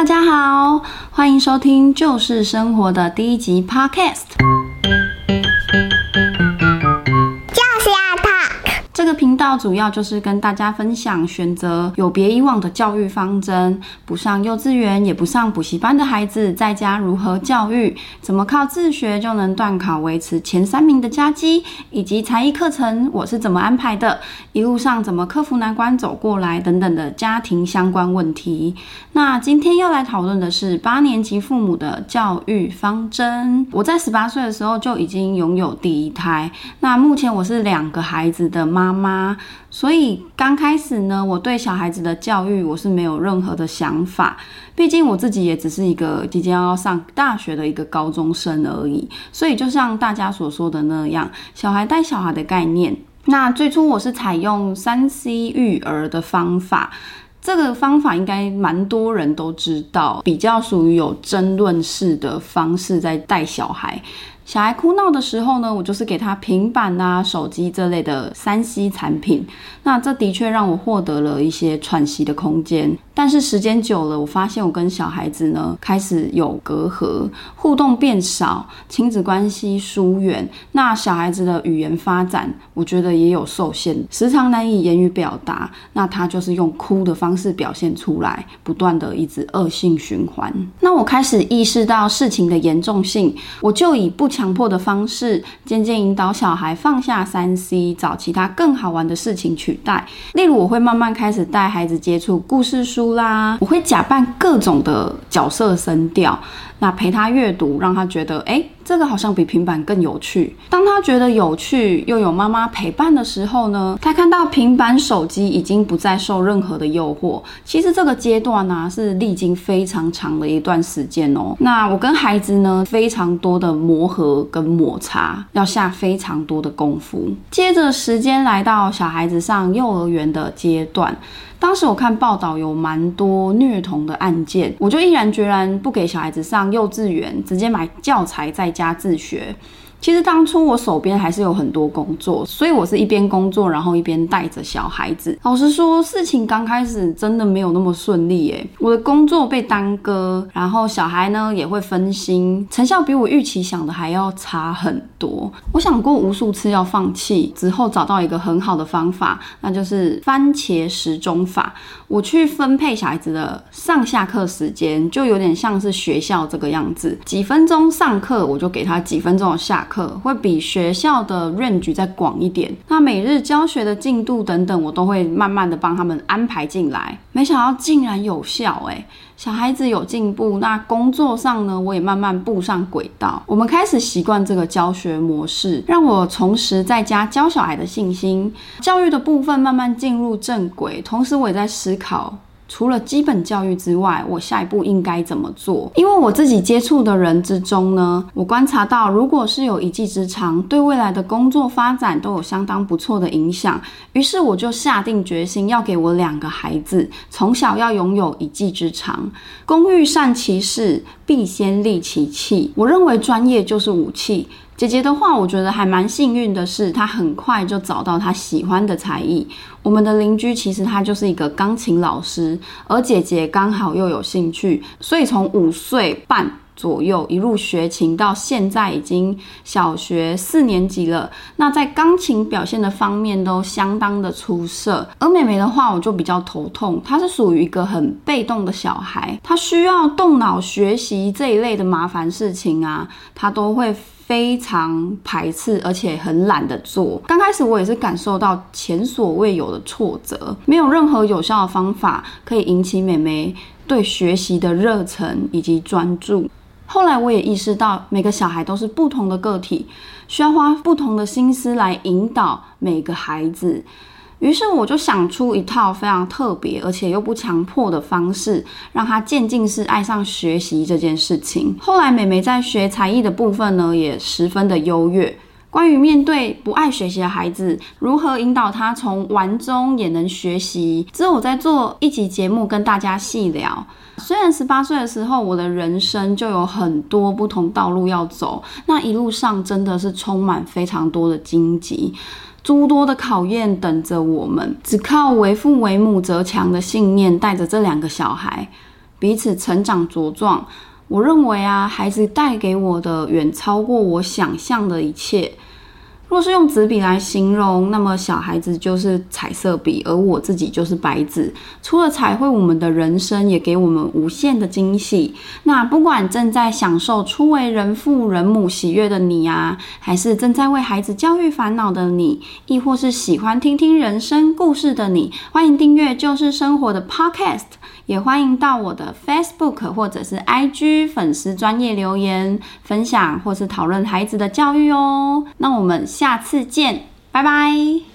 大家好，歡迎收聽《就是生活》的第一集 Podcast。主要就是跟大家分享，選擇有別以往的教育方針，不上幼稚園也不上補習班的孩子在家如何教育，怎麼靠自學就能段考維持前三名的佳績，以及才藝課程我是怎麼安排的，一路上怎麼克服難關走過來等等的家庭相關問題。那今天要來討論的是八年級父母的教育方針。我在十八歲的時候就已經擁有第一胎，那目前我是兩個孩子的媽媽。所以剛開始呢，我對小孩子的教育，我是沒有任何的想法，畢竟我自己也只是一個即將要上大學的一個高中生而已。所以就像大家所說的那樣，小孩帶小孩的概念。那最初我是採用三 C 育兒的方法，這個方法應該蠻多人都知道，比較屬於有爭論式的方式在帶小孩。小孩哭鬧的時候呢，我就是給他平板啊、手機這類的三 C 產品。那這的確讓我獲得了一些喘息的空間。但是時間久了，我發現我跟小孩子呢開始有隔閡，互動變少，親子關係疏遠。那小孩子的語言發展，我覺得也有受限，時常難以言語表達。那他就是用哭的方式表現出來，不斷的一直惡性循環。那我開始意識到事情的嚴重性，我就以不。強迫的方式，漸漸引導小孩放下 3C，找其他更好玩的事情取代。例如，我會慢慢開始帶孩子接觸故事書啦，我會假扮各種的角色聲調，那陪他閱讀，讓他覺得哎，欸這個好像比平板更有趣。當他覺得有趣又有媽媽陪伴的時候呢，他看到平板手機已經不再受任何的誘惑。其實這個階段呢，啊，是歷經非常長的一段時間哦。那我跟孩子呢非常多的磨合跟摩擦，要下非常多的功夫。接着時間來到小孩子上幼兒園的階段，當時我看報道有蠻多虐童的案件，我就毅然決然不給小孩子上幼稚園，直接買教材在家。家自學。其實當初我手邊還是有很多工作，所以我是一邊工作，然後一邊帶着小孩子。老實說，事情剛開始真的沒有那麼順利誒，我的工作被耽擱，然後小孩呢也會分心，成效比我預期想的還要差很多。我想過無數次要放棄，之後找到一個很好的方法，那就是番茄時鐘法。我去分配小孩子的上下課時間，就有點像是學校這個樣子，幾分鐘上課我就給他幾分鐘的下課。課會比學校的 range 再廣一點，那每日教學的進度等等，我都會慢慢的幫他們安排進來。沒想到竟然有效、欸，哎，小孩子有進步，那工作上呢，我也慢慢步上軌道。我們開始習慣這個教學模式，讓我重拾在家教小孩的信心。教育的部分慢慢進入正軌，同時我也在思考。除了基本教育之外，我下一步應該怎麼做？因為我自己接觸的人之中呢，我觀察到，如果是有一技之長，對未來的工作發展都有相當不錯的影響。於是我就下定決心，要給我兩個孩子從小要擁有一技之長，工欲善其事，必先利其器。我認為專業就是武器。姐姐的話，我覺得還蠻幸運的是，是她很快就找到她喜歡的才藝。我們的鄰居其實她就是一個鋼琴老師，而姐姐剛好又有興趣，所以從五歲半左右一路學琴到現在已經小學四年級了，那在鋼琴表現的方面都相當的出色。而妹妹的話，我就比較頭痛，她是屬於一個很被動的小孩，她需要動腦學習這一類的麻煩事情啊，她都會非常排斥，而且很懶得做。剛開始我也是感受到前所未有的挫折，沒有任何有效的方法可以引起妹妹對學習的熱忱以及專注。後來我也意識到，每個小孩都是不同的個體，需要花不同的心思來引導每個孩子。於是我就想出一套非常特別而且又不強迫的方式，讓他漸進式愛上學習這件事情。後來美美在學才藝的部分呢，也十分的優越。關於面對不愛學習的孩子，如何引導他從玩中也能學習，之後我在做一集節目跟大家細聊。雖然十八歲的時候，我的人生就有很多不同道路要走，那一路上真的是充滿非常多的荊棘，諸多的考驗等着我們。只靠為父為母則強的信念，帶着這兩個小孩彼此成長茁壯。我認為啊，孩子帶給我的遠超過我想象的一切。若是用紙筆來形容，那麼小孩子就是彩色筆，而我自己就是白紙。除了彩繪，我們的人生也給我們無限的驚喜。那不管正在享受初為人父人母喜悅的你呀、啊，還是正在為孩子教育煩惱的你，亦或是喜歡聽聽人生故事的你，歡迎訂閱《就是生活》的 Podcast，也歡迎到我的 Facebook 或者是 IG 粉絲專頁留言分享或是討論孩子的教育哦、喔。那我們。下次見，拜拜。